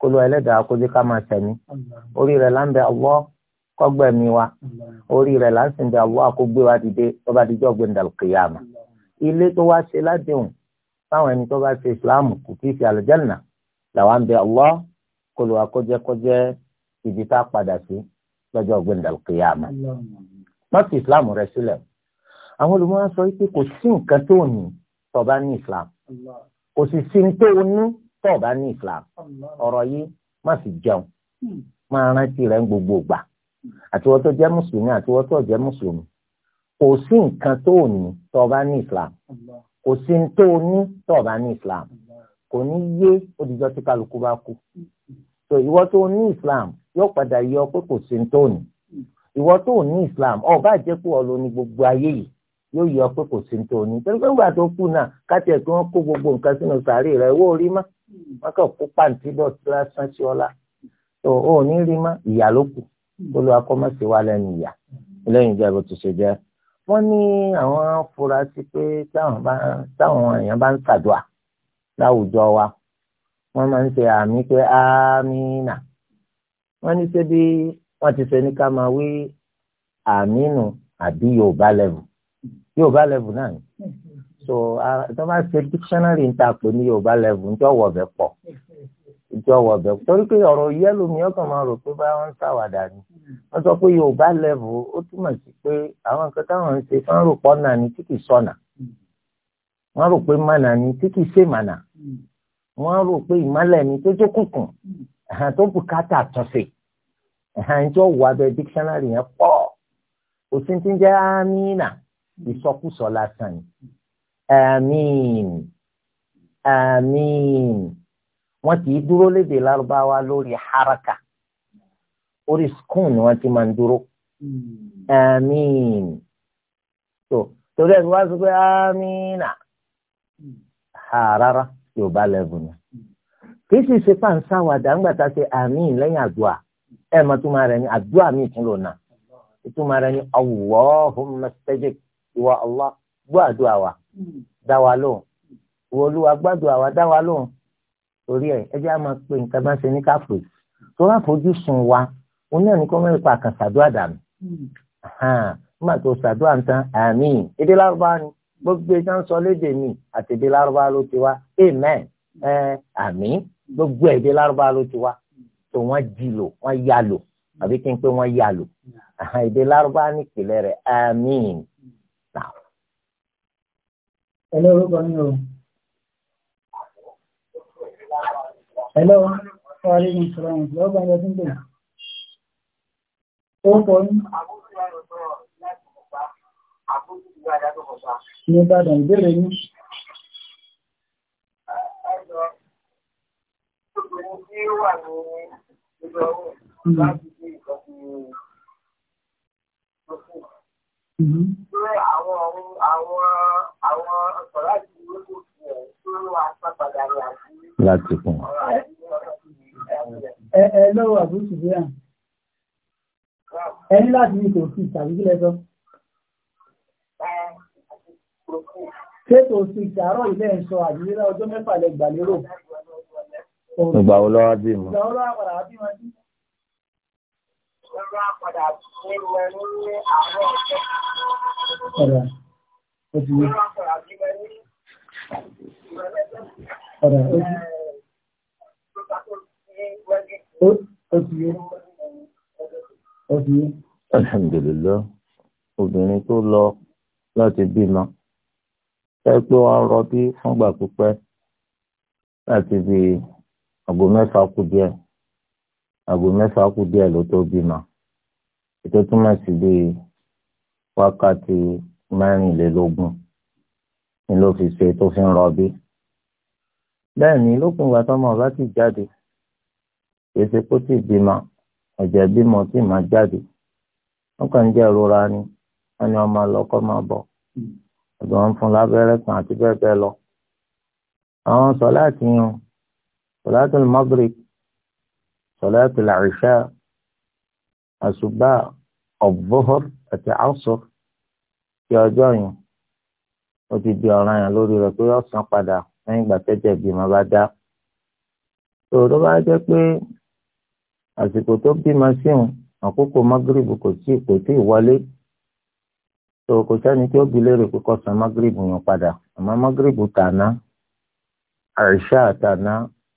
[SPEAKER 3] kó lọ ẹlẹ́dàá kó jẹ́ ká máa tẹ̀mí orí rẹ̀ là ń bẹ ọwọ́ kọ́gbẹ̀mí wa orí rẹ̀ là ń sìn bẹ ọwọ́ àkógbé wa dìde tó bá dijọ́ gbẹ̀ndàlùkìyàmà ilé tó wá ṣe ládéhùn fáwọn ẹni tó bá ṣe ìsìláàmù kò kí fi àlùjànnà làwa ń bẹ ọwọ́ kó lọ akójẹ́kọ́jẹ́ ibi tá a padà sí lọ́jọ́ gbẹ̀ndàlùkìyàmà má fi ìsìláàmù rẹ sílẹ̀ àwọn olùmọ̀ sọ pé kò sí nǹkan tó ní tó tó bá ní islam ọ̀rọ̀ yìí má sì jẹun hmm. máa rántí rẹ̀ ń gbogbo ìgbà hmm. àti wọ́n tó jẹ́ mùsùlùmí àti jẹ́ mùsùlùmí kò sí nǹkan tó o ní tó bá ní islam kò sí n tó o ní tó bá ní islam kò ní yé odijọ́ tí kálukú bá kú hmm. so ìwọ tó o ní islam yóò padà yọ pé kò sí n tó o ní ìwọ tó o ní islam ó bá jẹ́ pé ọ ló ní gbogbo ayé yìí yóò yọ pé kò sí n tó o ní torí pé ńgbà tó kú náà ká tiẹ̀ kí wọ́n kó gbogbo nǹkan sínú sàárè rẹ̀ wó rí mọ́ wọn kàn kó pàǹtí dọ̀tí lásán sí ọlá tó o ní rí mọ́ ìyá ló kù olú akọ́mọ̀sí wa lẹ́nu ìyá lẹ́yìn ìjọba tó ṣe jẹ́ wọ́n ní àwọn afurasí pé táwọn èèyàn bá ń ṣàdúà láwùjọ wa wọ́n máa ń ṣe àmì pé àmínà wọ́n ní ṣé bí wọ́n ti ṣe ní ká máa wí àmínù àbí yorùbá lẹ́bù yorùbá lẹ́bù náà ni so tó bá ṣe dictionary ń ta pé ní yorùbá level ń jọ wọ ọbẹ pọ ìjọ wọ ọbẹ torí pé ọ̀rọ̀ yẹlò mi ọkàn máa rò pé báwọn ń ṣàwàdà ni wọ́n sọ pé yorùbá level ó túmọ̀ sí pé àwọn nǹkan táwọn ń ṣe fún rò pọ́ náà ni tí kì í sọ̀nà wọ́n rò pé mànà ni tí kì í ṣe mànà wọ́n rò pé ìmọ́lẹ̀ ni tó jókùnkùn tó bùkátà àtúnṣe ìjọ wọ abẹ dictionary yẹn pọ̀ òsín ti ń jẹ́ àmín àmín wọn kì í dúró lédè lárúbáwá lórí haraka orí skun ni wọn ti máa ń dúró àmín tó torí ẹ̀ wá sọ pé àmínà ha rárá yorùbá lẹ́bùn ni kì í sì ṣe pàǹsá wàdà ńgbà tá a ṣe àmín lẹ́yìn àdúrà ẹ̀ mọ̀ tó máa rẹ̀ ní àdúrà mi tún lò náà ìtumọ̀ rẹ̀ ní Allahumma stajib ìwà Allah gbọ́ àdúrà wa dá wa lóhùn ìwọ olúwa gbàdúrà wa dá wa lóhùn torí ẹ ẹ jẹ́ á máa pe nǹkan bá ń ṣe ní káfọ́ tó wá fojú sùn wa òun náà ní kó mẹ́rin pa àkàn ṣàdúrà dànù nígbà tó ṣàdúrà ń tán àmín èdè lárúbá ni gbogbo ìjà ń sọ léde mi àti èdè lárúbá ló ti wá amen ẹ àmín gbogbo èdè lárúbá ló ti wá tó wọ́n jí lò wọ́n yá lò àbí kí n pé wọ́n yá lò èdè lárúbá ní ìpìlẹ̀ rẹ̀ àmín.
[SPEAKER 2] Hello, orúkọ ní o. Hello, sorry, ní ṣọ́rọ̀mù, lọ́gbà ẹjọ́ tí ń bèèrè. Ó ń bọ̀ ní. Ní
[SPEAKER 1] Mm-hmm. Ṣé àwọn
[SPEAKER 4] ọ̀run àwọn àwọn ọ̀rá yìí ló kò fi ẹ̀ tó àpapàdà rẹ̀ àti láti kùn.
[SPEAKER 2] Ẹ ẹ lọ́wọ́ àbúrúkú bí à. Ẹ ní láti ní kò sí tàbí kí lẹ́sọ. Ṣé kò sí ìṣàárọ̀ ilé ẹ̀ṣọ́ àdúrà ọjọ́ mẹ́fà lẹ gbà lérò?
[SPEAKER 4] Ìgbà wo lọ́wọ́ bí mo? Ìgbà wo lọ́wọ́ àpàdà bí mo? wọ́n á padà gbé lọ ní àárọ̀ ọjọ́. Ọ̀rọ̀ ó ti wí. Wọ́n á padà gbé lọ ní ìrọ̀lẹ́ ọjọ́. Ọ̀rọ̀ ó ti wí.
[SPEAKER 2] Ó ti wí.
[SPEAKER 3] Ó ti wí. Alhamdulillah, obìnrin tó lọ láti bímọ. Ẹ pé wọ́n rọbí fúngbà pípẹ́ láti bí aago mẹ́fà kù díẹ̀ àgbo mẹ́fà kù díẹ̀ ló tó bímọ ètò túmọ̀ sí bí wákàtí mẹ́rìnlélógún ni ló fi ṣe tó fi ń rọbí bẹ́ẹ̀ ni lópin ìgbà tọ́mọ bá ti jáde èsì kó tí bímọ ọ̀jẹ̀ bímọ tí mà jáde wọn kàn ń jẹ́ ìrora ni wọn ni ọmọ lọkọ máa bọ̀ ọ̀dọ̀ wọn fún lábẹ́rẹ́ kan àti bẹ́ẹ̀ bẹ́ẹ̀ lọ àwọn sọ láti yan sọ láti lè mọ́gìrìk salatul isha àṣùbà ọ̀bọ́họ́r àti àṣọ ti ọjọ́ yẹn ó ti di ọ̀ràn yẹn lórí rẹ̀ pé ọ̀sán padà lẹ́yìn ìgbà tẹ́jẹ̀ bímọ bá dá. tó tó bá jẹ́ pé àsìkò tó bímọ sí òun àkókò magrib kò tí kò tí ì wọlé tó kò sẹ́ni tí ó bi léèrè pé kó san magrib yẹn padà àmọ́ magrib tàná àìṣà tàná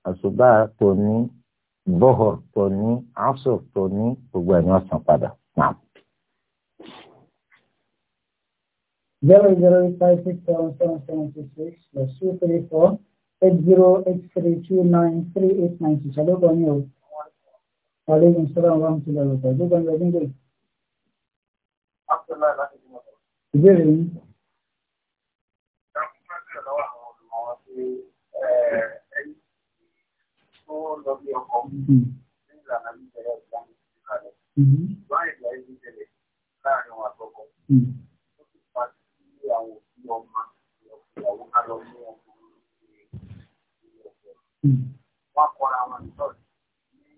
[SPEAKER 3] àṣùbà tòní bọ́họ̀r tó ní asọ̀ tó ní gbogbo ẹ̀ ọ̀sán padà
[SPEAKER 2] zero zero five six seven seven seven two six plus two three four eight zero eight three two nine three eight nine six alóko ní o aleykum salaam wa rahmatullahi wa barakatuh alóko ní o dín dé. ìbéèrè yìí.
[SPEAKER 4] bí ọkọ hmm. ní ìlànà ìṣẹ̀lẹ̀ ìlànà ìṣẹ̀lẹ̀ báyìí lọ ẹni ìṣẹ̀lẹ̀ láàrin àwọn àtọkọ hmm. ó sì pa sí àwọn òbí ọmọ ìyàwó ká lọ ní ọkùnrin ìlú ọkọ hmm. wọn kọra àwọn ìtọ́jú ní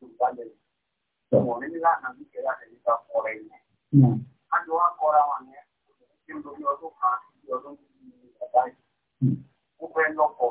[SPEAKER 4] yorùbá lẹ́yìn wọn ní ìlànà ìṣẹ̀lẹ̀ àtẹ̀lé ká kọra ẹ̀yìn àjọ wa kọra àwọn yẹn kí n lórí ọdún kan àti ọdún bíi ọ̀dà yìí ó fẹ́ lọ́kọ̀ọ́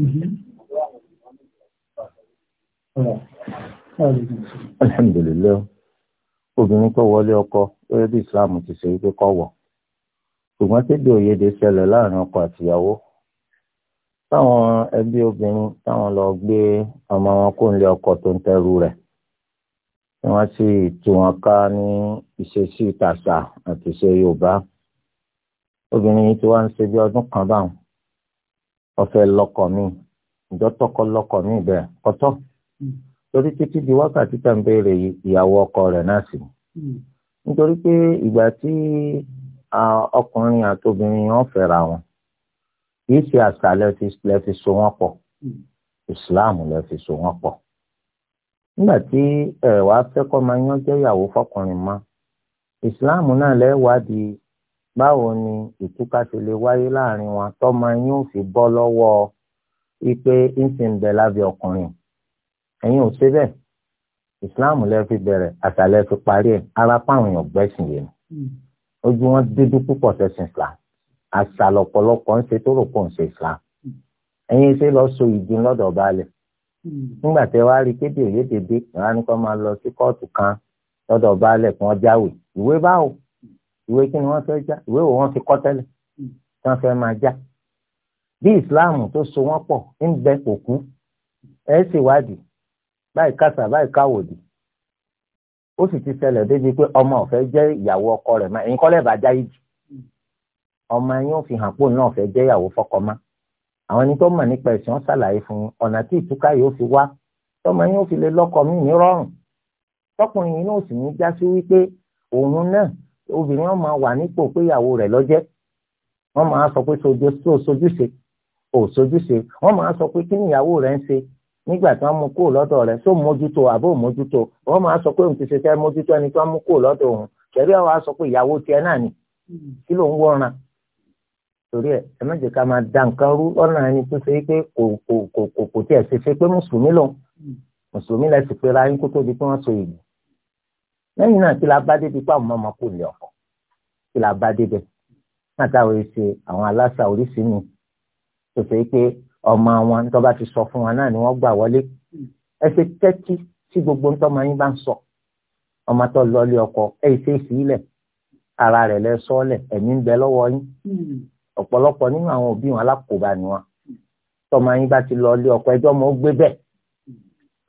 [SPEAKER 1] Mm-hmm.
[SPEAKER 3] alhamdulilayi obìnrin tó wọlé ọkọ lórí bí islam ti ṣe wípé kọ wọ ṣùgbọ́n kéde òyede ṣẹlẹ̀ láàrin ọkọ àtìyàwó táwọn ẹbí obìnrin táwọn lọ gbé ọmọ wọn kó nílé ọkọ tó ń tẹrù rẹ̀ tí wọ́n sì tú wọn ká ní ìṣesí ìtàṣà àti ìṣe yorùbá obìnrin yìí ti wá ń ṣe bí ọdún kan báwọn ọ̀fẹ́ lọ́kọ mi ìjọ tọkọ lọ́kọ mi bẹ́ẹ̀ kọ́tọ́ hmm. torí títí di wákàtí tá ń béèrè ìyàwó ọkọ rẹ̀ náà sí hmm. nítorí pé ìgbà tí ọkùnrin àti wọn fẹ́ra wọn kì í ṣe àṣà lẹ fi so wọn pọ̀ hmm. Islam lẹ fi so wọn pọ̀ nígbà tí ẹ wàá fẹ́ kọ́ máa yán jẹ́ ìyàwó fọkùnrin mọ́ Islam náà lẹ wá di báwo ni ìtúká ṣe lè wáyé láàrin wọn tọ́mọ yín ò fi bọ́ lọ́wọ́ wípé ń ti ń bẹ lábẹ́ ọkùnrin ẹ̀yin ò ṣe bẹ́ẹ̀ ìsìláàmù lẹ fi bẹ̀rẹ̀ àtàlẹ́ fi parí ẹ̀ ara páwọn èèyàn gbẹ́sìn yẹn hmm. ojú wọn dúdú púpọ̀ sẹ́sìn islam àṣà lọ́pọ̀lọpọ̀ ń ṣe tó rò pọ̀ ń ṣe islam hmm. ẹ̀yin ṣe lọ so ìdí lọ́dọ̀ balẹ̀ hmm. nígbà tẹ wá rí kéde òye dédé ìwà ni kò máa lọ sí kóòtù kan lọ́dọ̀ balẹ̀ kí wọ́n jáwèé ìwé báwo ìwé kí ni wọ́n fẹ́ já ìwé wo wọ́n fi kọ́ tẹ́lẹ̀ tí wọ́n fẹ́ máa já bí ìsìláàmù tó so wọ́n pọ̀ ń bẹ kò kú ẹ ṣèwádìí báyìí kásà báyìí káwòdì ó sì ti ṣẹlẹ̀ débi pé ọmọ ọ̀fẹ́ jẹ́ ìyàwó ọkọ rẹ̀ máa nǹkan lẹ́bàá já yìí ọmọ yín ò fi hàn pò náà fẹ́ jẹ́ ìyàwó fọkọ má àwọn ẹni tó mọ̀ nípa ẹ̀sìn wọn ṣàlàyé fún ọ̀nà tí ìtúká yìí ó fi wá tọmọ yín ó fi lè lọ́kọ mí ní rọrùn tọkùnrin yìí náà sì ní já sí wípé òun náà obìnrin wọn máa wà nípò pé ìyàwó rẹ̀ lọ́jẹ́ wọn máa sọ pé sojúṣe ò sojúṣe wọn máa sọ pé kí ni ìyàwó ń ṣe nígbà tí wọn mú kúrò tó mójútó àbó mójútó wọn máa sọ pé òun ti ṣe mójútó ẹni tí wọn mú kúrò òun wa sọ pé ìyàwó tiẹ̀ náà ni kí ló ń wọran torí ẹ ẹ má jẹ ká máa da nǹkan rú lọ́nà ẹni tó ṣe pé kò kò kò kò ṣe ṣe pé mùsùlùmí lòun mùsùlùmí pera yín kó tó di lẹ́yìn náà kí la bá débi pé àwọn ọmọ kò lè ọkọ kí la bá débi látàwọn èsì àwọn aláṣà oríṣi mi tó ṣe pé ọmọ wọn tó bá ti sọ fún wọn náà ni wọ́n gbà wọlé ẹ ṣe tẹ́tí tí gbogbo ń tọ́mọ yín bá ń sọ ọmọ tó lọlé ọkọ ẹ ṣe ìsílẹ̀ ara rẹ̀ lẹ sọ́ọ̀lẹ̀ ẹ̀mí ń bẹ lọ́wọ́ yín ọ̀pọ̀lọpọ̀ nínú àwọn òbí wọn alákòóbá ni wọn tọ́mọ yín bá ti lọlé ọkọ ẹjọ́ mọ́ gbé bẹ́ẹ̀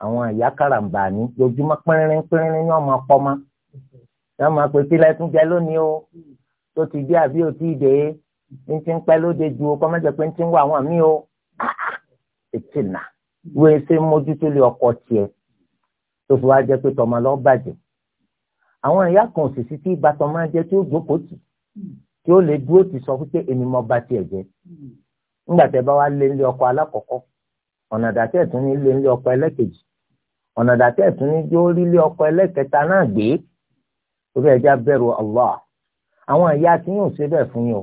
[SPEAKER 3] àwọn ìyá karambà ní lójúmọ́ pínrín pínrín ní ọmọ pọ́mọ́ ní ọmọ pé kílẹ̀ tún jẹ lónìí o tó ti dé àbí òtí ìdè ní ti ń pẹ́ lóde ju o kọ́mọ́jẹ́ pé ń ti ń wọ àwọn míì o ètì nà wo ṣe mójútó lé ọkọ tiẹ̀ tó fi wá jẹ́ pé tọmọ lọ bàjẹ́ àwọn ìyá kan òṣìṣì tí ìgbà tọmọ jẹ tí ó jókòó tì tí ó lè dúró ti sọ pé èmi mo bá tiẹ̀ jẹ́ nígbà tẹ́ bá wá lé nílé ọkọ alákọ̀ọ́kọ́ ọ̀nà àdàtẹ̀ tún ní lé nílé ọkọ ẹlẹ́kejì ọ̀nà dàtẹ́ tún ní jó rílé ọkọ ẹlẹ́kẹta náà gbé torí ẹja bẹ̀rù Allah àwọn ìyá tí yóò ṣe bẹ́ẹ̀ fún yín o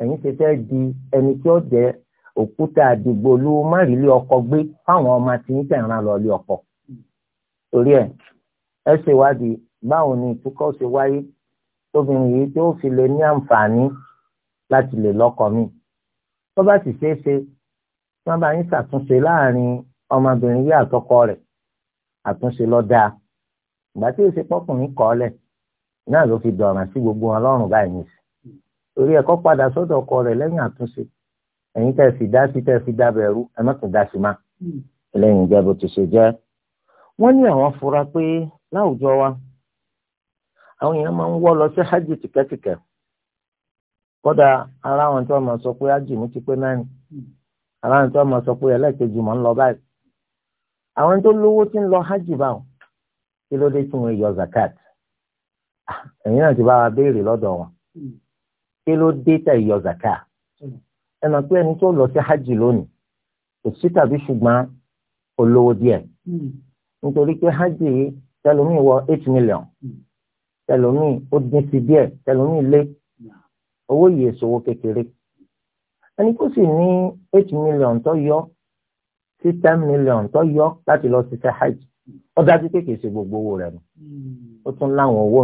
[SPEAKER 3] ẹ̀yin ṣe fẹ́ di ẹni tí ó jẹ́ òkúta àdìgbò ló má rílé ọkọ gbé fáwọn ọmọ tí ń tẹ̀ràn lọ lé ọkọ torí ẹ ẹ ṣèwádìí báwo ni ìtúkọ̀ ṣe wáyé tóbìnrin yìí tó fi lè ní àǹfààní láti lè lọ́kọ mi tó bá sì ṣeé ṣe wọ́n bá yín ṣàtúnṣe láàrin ọmọbìnrin yìí àtọkọ rẹ̀ àtúnṣe lọ́dà ìgbà tí èsì pọ́kùnrin kọ́ lẹ̀ náà ló fi dọ̀ràn sí gbogbo wọn lọ́rùn báyìí nìsí torí ẹ̀kọ́ padà sọ́dọ̀ ọkọ rẹ̀ lẹ́yìn àtúnṣe ẹ̀yin tẹ́ fi dá sí tẹ́ fi dábẹ̀ rú ẹ má dá sí má lẹ́yìn ìjẹ́ bó ti ṣe jẹ́ wọ́n ní àwọn fura pé láwùjọ wa àwọn èèyàn máa ń wọ́ lọ sí hajj tìkẹ́tìkẹ́ kódà ara wọn tí wọ́n máa sọ pé hajj mi ti pé mẹ́rin ara wọn tí wọ́n máa sọ pé ẹlẹ́ẹ̀kejì mọ̀ ń lọ báyìí àwọn tó lówó tí ń lọ hajj báwọn kí ló dé tí wọn yọ zakat ah, ẹ̀yin náà ti bá wa béèrè lọ́dọ̀ wọn kí ló dé tẹ̀ yọ zakat ẹ pé ẹni tó lọ sí hajj lónìí kò sí tàbí ṣùgbọ́n olówó díẹ̀ nítorí pé hajj tẹlomi wọ eight million tẹlomi ó dín sí díẹ̀ tẹlomi lé owó yìí èso owó kékeré ẹni kó sì ní eight million tó yọ. sí ten million tó yọ láti lọ ṣiṣẹ́ hajj ó dájú pé kìí gbogbo owó rẹ nù ó tún láwọn owó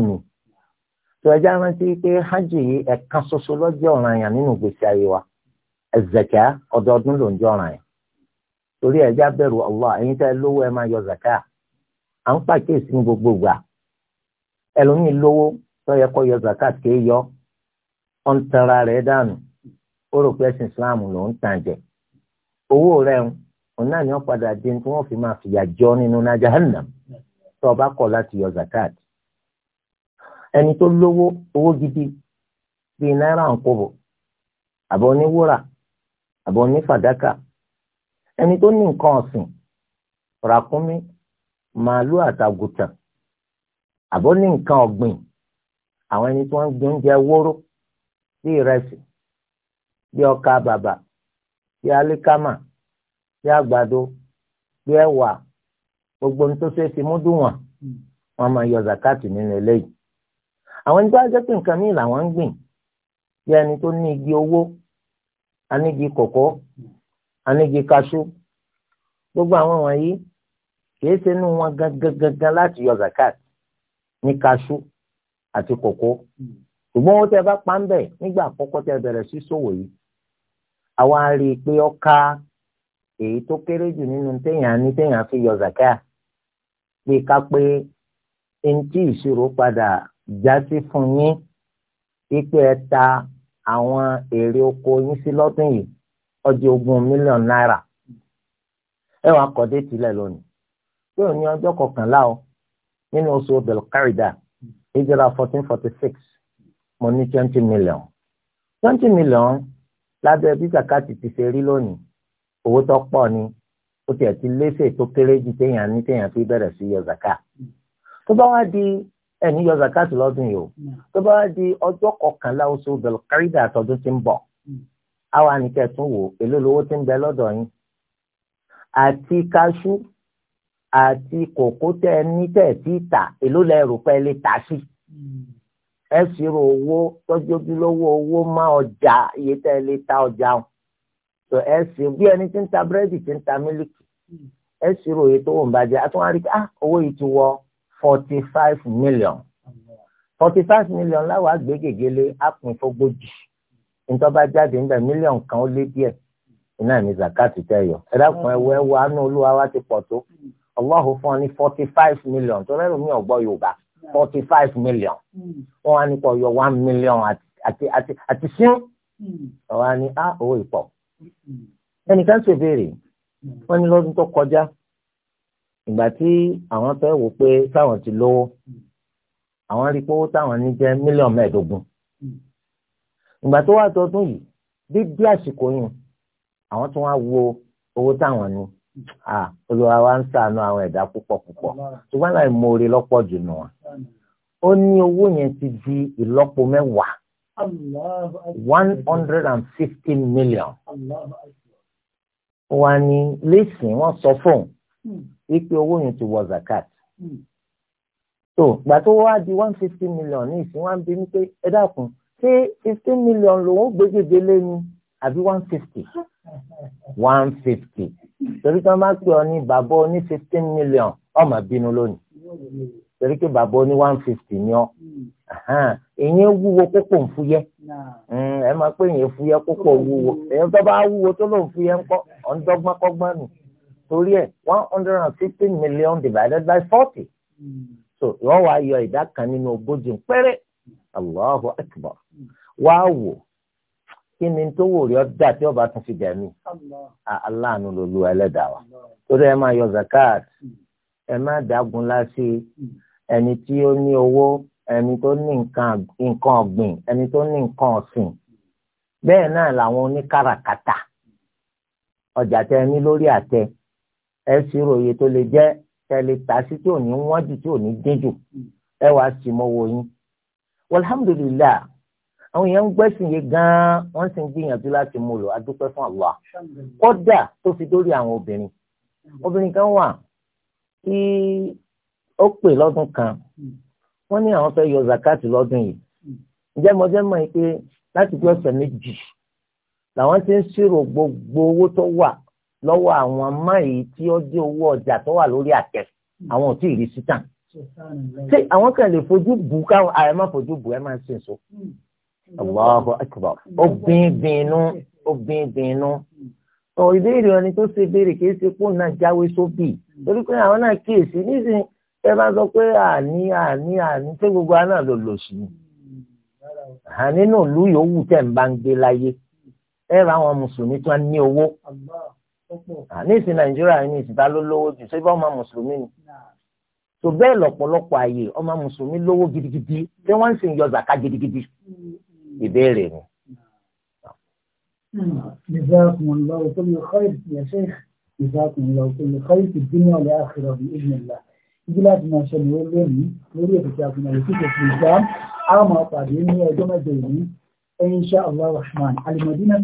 [SPEAKER 3] tó rántí pé hajj yìí ẹ̀kan ṣoṣo lọ́jọ́ ọ̀ranyàn nínú gbèsè ayé wa ẹ̀zẹ̀kẹ́ ọdọọdún ló ń torí ẹjẹ́ à ń lówó tó yẹ kó yọ tẹ̀ra rẹ̀ dànù ó rò pé ẹ̀sìn Islam ló ń tàn jẹ owó òun náà ni wọ́n padà dé tí wọ́n fi máa fìyà jọ nínú jahannam tó o bá kọ̀ láti yọ zakat ẹni tó lówó owó gidi bíi náírà nkóbò àbọ̀ oníwúrà àbọ̀ onífàdákà ẹni tó ní nǹkan ọ̀sìn ràkúnmí màálù àtàgùtàn àbọ̀ ní nǹkan ọ̀gbìn àwọn ẹni tí wọ́n ń oúnjẹ wóró bíi ìrẹsì bíi ọkà bàbà bíi alikama bí àgbàdo bí ẹ̀wà gbogbo ní tó ṣe é ti mú dùn wọn hmm. wọn máa yọ zakati nínú eléyìí àwọn ẹni tó ajẹ́ pé nǹkan míì làwọn ń gbìn bí ẹni tó ní igi owó anígi kòkó anígi kaṣú gbogbo àwọn wọ̀nyí kìí ṣe inú wọn gangan láti yọ zakat ní kaṣú àti kòkó hmm. ṣùgbọ́n owó tẹ́ bá pa ń bẹ̀ nígbà àkọ́kọ́ tẹ́ bẹ̀rẹ̀ sí ṣòwò yìí àwa rí i pé ó ká èyí tó kéré jù nínú téèyàn ní téèyàn fi yọ zakat pé ká pé eŋti ìṣirò padà jásí fún yín wípé ẹ ta àwọn èrè oko yín sí lọ́dún yìí ọjọ́ ogún mílíọ̀nù náírà ẹ wàá kọ́ dé tilẹ̀ lónìí pé òní ọjọ́ kọkànlá o nínú oṣù belkaida ìjọba fourteen forty six mo ní twenty million twenty million lábẹ́ bí zakati ti ṣe rí lónìí owó tó pọ̀ ni ó tiẹ̀ ti léṣe tó kéré ju téèyàn ní téèyàn fi bẹ̀rẹ̀ sí yọ zaka tó bá wá di ẹni yọ zaka sí lọ́dún yìí o tó bá wá di ọjọ́ kọkànlá oṣù belkarida àtọ́dún ti ń bọ̀ àwa nìkẹ́ tún wò èló lówó ti ń bẹ lọ́dọ̀ yín àti kaṣú àti kòkó tẹ ní tẹ tí tà èló lẹ́rù pẹ́ lè tà sí ẹ sì rò owó tọ́jú ojúlówó owó má ọjà iye tẹ́ lè ta ọjà o tó ẹ sì bí ẹni tí ń ta búrẹ́dì tí ń ta mílíkì ẹ sì ròyè tó wọ́n bá jẹ àtúwárí pé ah owó yìí ti wọ forty five million forty five million láwàá gbé gègéle ápùn fógójì nítorí bá jáde níbẹ̀ mílíọ̀n kan ó lé díẹ̀ iná ní zakati tẹ yọ ẹ dákun ẹ wọ ẹ wọ àánú olúwa wa ti pọ̀ tó ọlọ́hùn fún ọ ní forty five million tó lẹ́nu mi ò yorùbá forty five million wọ́n wá nípa ọyọ one million àti àti àti sín ọ̀wá ni á ah, owó ìpọ̀ ẹnìkan ṣe béèrè wọ́n ní lọ́dún tó kọjá ìgbà tí àwọn fẹ́ wò pé táwọn ti lówó àwọn rí pé owó táwọn ní jẹ́ mílíọ̀nù mẹ́ẹ̀ẹ́dógún ìgbà tó wà tọdún yìí dídí àsìkò yìí àwọn tó wá wo owó táwọn ní olùwà wa ń ṣàánú àwọn ẹ̀dá púpọ̀ púpọ̀ ṣùgbọ́n láì mọ oore lọ́pọ̀ jù nù wọn ó ní owó yẹn ti di ìlọ́po mẹ́wàá
[SPEAKER 2] one
[SPEAKER 3] hundred and fifty million. wọ́n ní lẹ́sìn wọ́n sọ fóun hmm. wípé owó yẹn ti wọ zakat. tó hmm. gbà tó wá di one fifty million ní ìsìn wá ń bí wípé ẹ dákun ṣé fifteen million lòún gbégede lé ní àbí one fifty [laughs] one fifty torí kí wọ́n bá pè ọ ní bàbá ọ ní fifteen million ọmọ bínú lónìí hmm. torí kí bàbá ọ ní one fifty ni ọ ìyẹn wúwo kókò ń fúyẹ́ ẹ máa pé ìyẹn fúyẹ́ kókò wúwo èyàn tó bá wúwo tó ló ń fúyẹ́ ńkọ́ ọ̀ndọ́gbọ́n kọ́gbọ́n nù torí ẹ̀ one hundred and fifteen million divided by forty hmm. so ìwọ wàá yọ ìdá kan nínú ogójì péré Allahu akbar hmm. wàá wò kí ni tó wò rí ọdá tí ọba tún fi dẹ̀mí aláàánú lolú ẹlẹ́dàá wa torí ẹ máa yọ zakat
[SPEAKER 1] hmm.
[SPEAKER 3] ẹ má dàgúnlá sí ẹni tí ó ní owó ẹni tó ní nǹkan ọ̀gbìn ẹni tó ní nǹkan ọ̀sìn bẹ́ẹ̀ náà làwọn oníkàràkátà ọjà tẹ ní lórí àtẹ ẹ ṣírò iye tó lè jẹ́ tẹ lè tà sí tí ò ní wọ́n jù tí ò ní dín jù ẹ wàá sì mọ́wọ́ yín alhamdulilayi àwọn èèyàn ń gbẹ́sìn yé gan-an wọ́n sì ń gbìyànjú láti mú lò adúpẹ́ fún Allah kódà tó fi dórí àwọn obìnrin obìnrin kan wà tí ó pè lọ́dún kan wọ́n ní àwọn fẹ́ yọ zakat lọ́dún yìí ǹjẹ́ mo jẹ́ mọ̀ ẹ́ pé láti bí ọ̀sẹ̀ méjì làwọn ti ń ṣírò gbogbo owó tó wà lọ́wọ́ àwọn máyì tí ó dé owó ọjà tó wà lórí àtẹ àwọn ò tí ì rí síta ṣé àwọn kan lè fojú bù káwọn ààrẹ má fojú bù ẹ máa ń so obìnrin bìnnú obìnrin bìnnú ìbéèrè ẹni tó ṣe béèrè kì í ṣe pé náà jáwé sóbì torí pé àwọn náà kíyèsí nísìnyí ẹ bá sọ pé àní àní àní pé gbogbo àná ló lò sí ni nínú ìlú yòówù tẹ̀ ń bá ń gbé láyé ẹ ra àwọn mùsùlùmí tó ń ní owó ní ìsìn nàìjíríà ní ìsìta ló lówó jù ṣé bá ọmọ mùsùlùmí ni tó bẹ́ẹ̀ lọ́pọ̀lọpọ̀ àyè ọmọ mùsùlùmí lówó gidigidi tí wọ́n ń sìn yọ zàká gidigidi ìbéèrè ni.
[SPEAKER 2] جزاكم الله كل خير يا شيخ جزاكم الله كل خير في الدنيا والآخرة بإذن الله títí láti máa ṣẹlẹ̀ ó lónìí lórí ètò tí a fi nàìjíríà tó fi ìgbà àwọn ọmọ pàdé ní ọjọ́ mẹ́jọ ìlú insha Allah rahman alimadina